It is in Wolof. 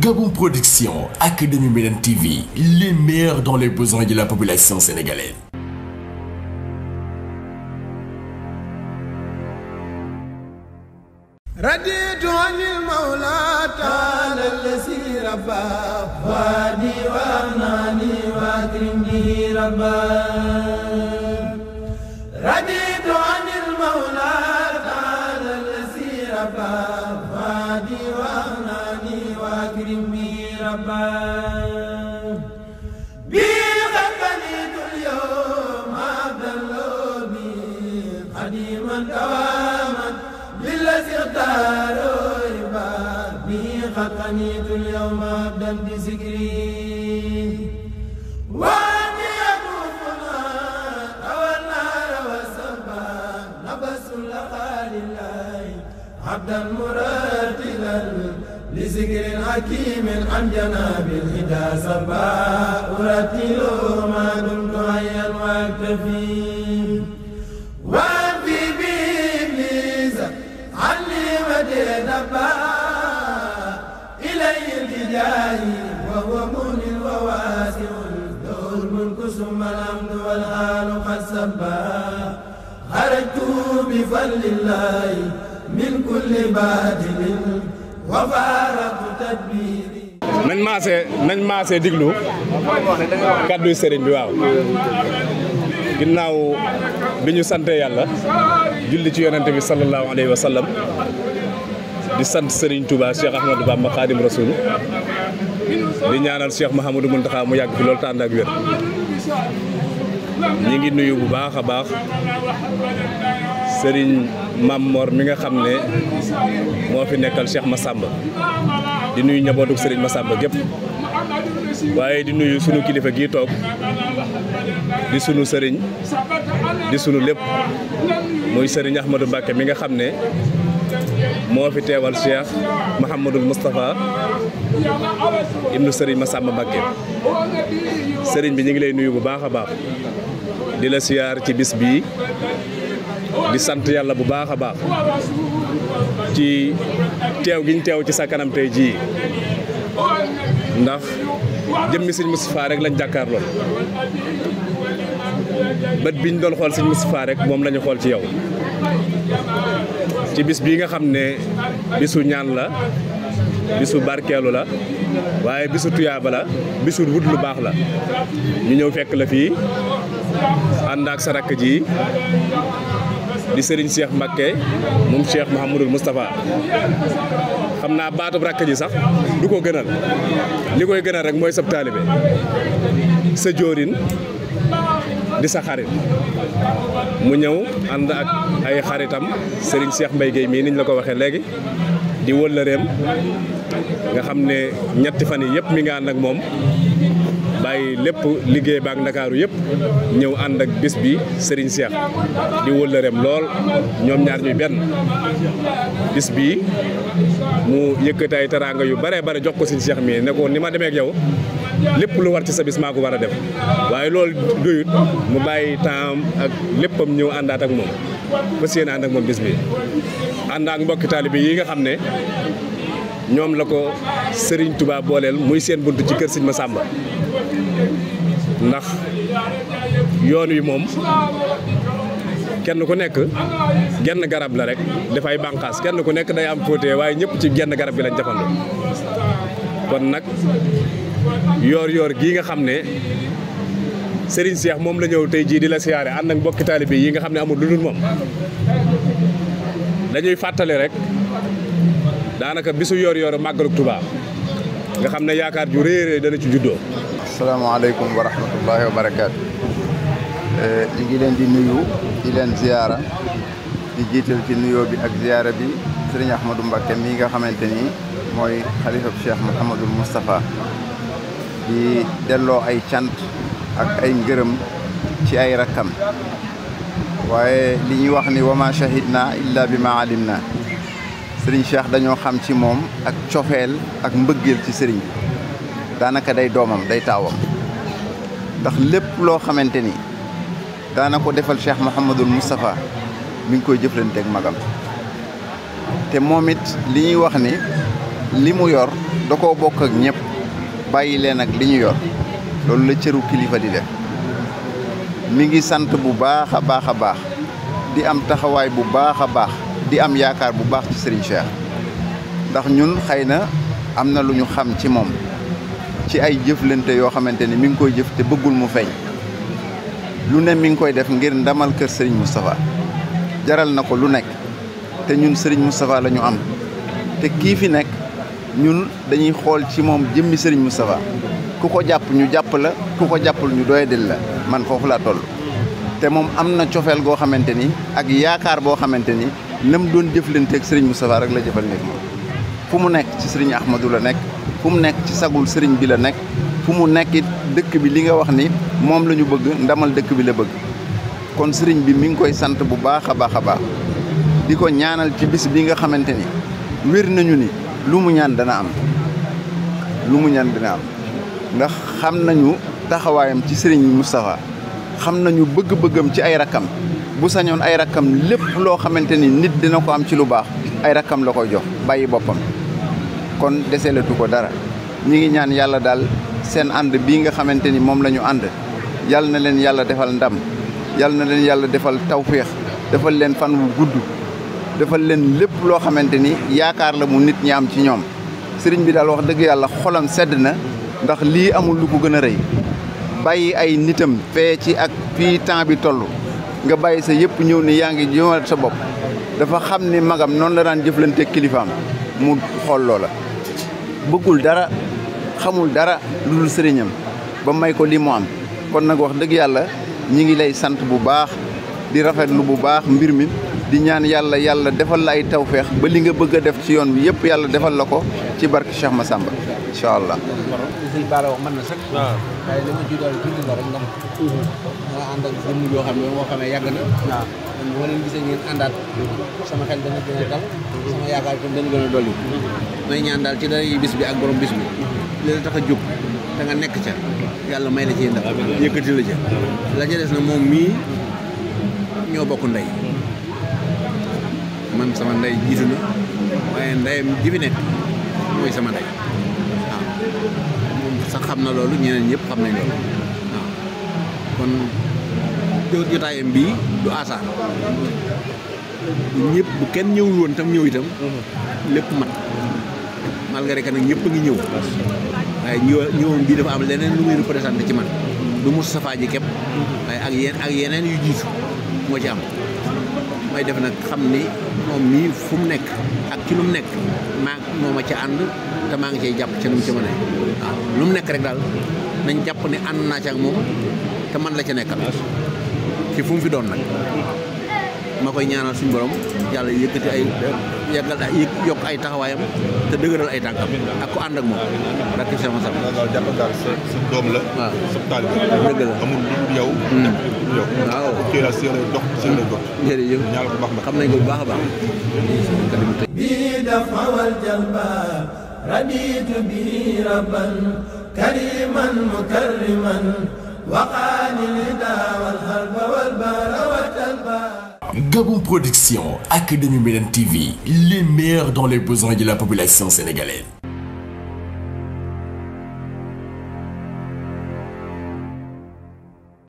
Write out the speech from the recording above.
Gabon Production ak Darou TV les dans les besoins de la population sénégalaise. دواما للذي اختاروا ربا به قد قنيت اليوم عبدا بذكري واني يطوفنا او النار وسبا نبس لقال الله عبدا مرتلا لذكر حكيم عن جناب الهدى سبا ارتل ما دمت حيا واكتفي يبى إليه الهداي وهو مهن وواسع له الملك ثم الأمن والآل قد سبى خرجت بفضل الله من كل باطل وفارق تدبيري nañ maase nañ maase diglu kàdduy sëriñ bi waaw ginnaaw bi ñu sante yàlla julli ci yonente bi sallallahu alayhi wa sallam di sant Serigne Touba Cheikh Ahmadou Bamba Khadim Rasoul di ñaanal Cheikh Mahamadou Mountakha mu yàgg fi loolu tànd ak wér ñi ngi nuyu bu baax a baax Serigne Mamor mi nga xam ne moo fi nekkal ma Massamba di nuyu njabootu Serigne Massamba gépp waaye di nuyu sunu kilifa gii toog di sunu sëriñ di sunu lépp muy sëriñ Ahmadou Mbacké mi nga xam ne moo fi teewal Cheikh Mouhamadul Moustapha sëriñ ma sàmm Mbacké sëriñ bi ñu ngi lay nuyu bu baax a baax di la siyaar ci bis bii di sant yàlla bu baax a baax ci teew giñ ñu teew ci sa kanam tey jii ndax jëmmi sëñ Moustapha rek lañ jàkkaarloo bët biñ doon xool sëñ Moustapha rek moom lañu xool ci yow. ci bis bii nga xam ne bisu ñaan la bisu barkeelu la waaye bisu tuyaaba la bisu wut lu baax la ñu ñëw fekk la fii ànd sa rakk ji di sëriñ Cheikh Mbacké moom Cheikh Mouhamadul Moustapha xam naa baatub rakk ji sax du ko gënal li koy gënal rek mooy sab taalibe sa jóorin di sa xarit mu ñëw ànd ak ay xaritam sëriñ seex Mbaye Guèye mii niñ la ko waxee léegi di wëllëreem nga xam ne ñetti fan yi yëpp mi nga ànd ak moom bàyyi lépp liggéey baak ndakaaru yëpp ñëw ànd ak bis bi sëriñ Cheikh di wëllëreem lool ñoom ñaar ñuy benn bis bi mu yëkkati ay teraanga yu bare bare jox ko Serigne Cheikh mii ne ko ni ma demee ak yow lépp lu war ci sa bis ko war a def waaye loolu doyut mu bàyyi temps ak léppam ñëw àndaat ak moom fas yéene ak moom bismi bi ànd ak mbokki taalibe yi nga xam ne ñoom la ko sëriñ Touba booleel muy séen bunt ci kër ma sàmba ndax yoon wi moom kenn ku nekk genn garab la rek dafay bànqaas kenn ku nekk day am fóotee waaye ñëpp ci genn garab gi lañ jafandoo kon nag yoor-yoor gii nga xam ne Serigne Cheikh moom la ñëw tey jii di la siyaare ànd ak mbokki taalibe yi nga xam ne amul lu dul moom dañuy fàttali rek daanaka bisu yoor-yoor màggalug Tuubaa nga xam ne yaakaar ju réeré dana ci juddoo. asalaamaaleykum wa rahmatullahi wa barakaatu. Eh, ñu ngi leen di nuyu i leen ziyaara di jiital ci nuyoo bi ak ziyaara bi Serigne Ahmadou Mbacké mi nga xamante ni mooy xalifab Cheikh Mouhamadul Moustapha. di delloo ay cant ak ay ngërëm ci ay rakkam waaye li ñuy wax ni wama shahidna illa bi ma alim na sëriñ Cheikh dañoo xam ci moom ak cofeel ak mbëggeel ci sëriñ daanaka day doomam day taawam ndax lépp loo xamante ni daana ko defal Cheikh Mouhamadul Moustapha mi ngi koy jëflanteeg magam te moom it li ñuy wax ni li mu yor da koo bokk ak ñëpp bàyyi leen ak li ñu yor loolu la cëru kilifa di def mi ngi sant bu baax a baax a baax di am taxawaay bu baax a baax di am yaakaar bu baax ci Serigne Cheikh ndax ñun xëy na am na lu ñu xam ci moom ci ay jëflante yoo xamante ni mi ngi koy jëf te bëggul mu feeñ lu ne mi ngi koy def ngir ndamal kër Serigne Moustapha jaral na ko lu nekk te ñun sëriñ Moustapha la ñu am te kii fi nekk. ñun dañuy xool ci moom jëmmi sëriñ Moustapha ku ko jàpp ñu jàpp la ku ko jàppul ñu doyadil la man foofu laa toll. te moom am na cofeel goo xamante ni ak yaakaar boo xamante ni nam doon jëflanteeg Serigne Moustapha rek la jëfandikoo moom. fu mu nekk ci Serigne Ahmadou la nekk fu mu nekk ci sagul Serigne bi la nekk fu mu nekkit dëkk bi li nga wax ni moom la ñu bëgg ndamal dëkk bi la bëgg kon Serigne bi mi ngi koy sant bu baax a baax a baax di ko ñaanal ci bis bi nga xamante ni wér nañu ni. lu mu ñaan dana am lu mu ñaan dana am ndax xam nañu taxawaayam ci sëriñ Moustapha xam nañu bëgg-bëggam ci ay rakkam bu sañoon ay rakkam lépp loo xamante ni nit dina ko am ci lu baax ay rakkam la koy jox bàyyi boppam kon deseelatu ko dara ñi ngi ñaan yàlla daal seen ànd bii nga xamante ni moom la ñu ànd yàlla na leen yàlla defal ndam yàlla na leen yàlla defal tawféex defal leen fan wu gudd defal leen lépp loo xamante ni yaakaar la mu nit ñaam ci ñoom sëriñ bi daal wax dëgg yàlla xolam sedd na ndax lii amul lu ko gën a rey bàyyi ay nitam fee ci ak fii temps bi toll nga bàyyi sa yëpp ñëw ni yaa ngi jëmal sa bopp dafa xam ni magam noonu la daan jëflante kilifaam mu xool la bëggul dara xamul dara lu dul sëriñam ba may ko lii mu am kon nag wax dëgg yàlla ñi ngi lay sant bu baax di rafetlu bu baax mbir mi di ñaan yàlla yàlla defal la ay tawféex ba li nga bëgg a def ci yoon bi yëpp yàlla defal la ko ci barke Cheikh Massamba incha allah. sëñ Bara wax mën na sax. waaw waaye li ma ji daal bind la yoo xam ne moo xamee yàgg na. waaw man bu gisee ngeen sama xel dana a yaakaar itam dana gën a dolli. may ñaan daal ci day bis bi ak borom bis bi. li la tax nekk yàlla may la ci ndam. yëkkati la ca. la ca na moom mii ñoo bokk ndey. man sama ndey jiitu na waaye ndeyam ji fi nekk mooy sama ndey waaw moom sax xam na loolu ñeneen ñëpp xam nañ loolu waaw kon jotaayam bii du asaar bu ñëpp bu kenn ñëwul woon tam ñëw itam lépp mat malgré que nag ñëpp a ngi ñëw waaye ñëwoon bii dafa am leneen lu muy représenté ci man du Moustapha ji képp waaye ak yeneen yu jiitu moo ci am may def nag xam ni moom nii fu mu nekk ak ci lu mu nekk maa moom a ca ànd te maa ngi cay jàpp ca nu mu ca mën waaw lu mu nekk rek daal nañ jàpp ni ànd naa ci moom te man la ca nekkal ci fu fi doon nag ma koy ñaanal suñu borom yàlla yëkkati ay yàggal yokk ay taxawaayam te dëgëral ay tànkam ak ku ànd ak moom dak Cheikh Massa waaw jàpp daal sa sa doom la waaw sa taalibe dëgg la amul lu yow hmm. yow waaw kii la séeréer dox séeréer dox jërëjëf ñaal ko baax na xam nañ ko bu baax a baax bi dafawal jalba raditu bi rabban kariman mukarriman waqaani lidaa wal harba wal bara Gabon Production ak Darou Minane TV les meilleurs dans les besoins de la population sénégalaise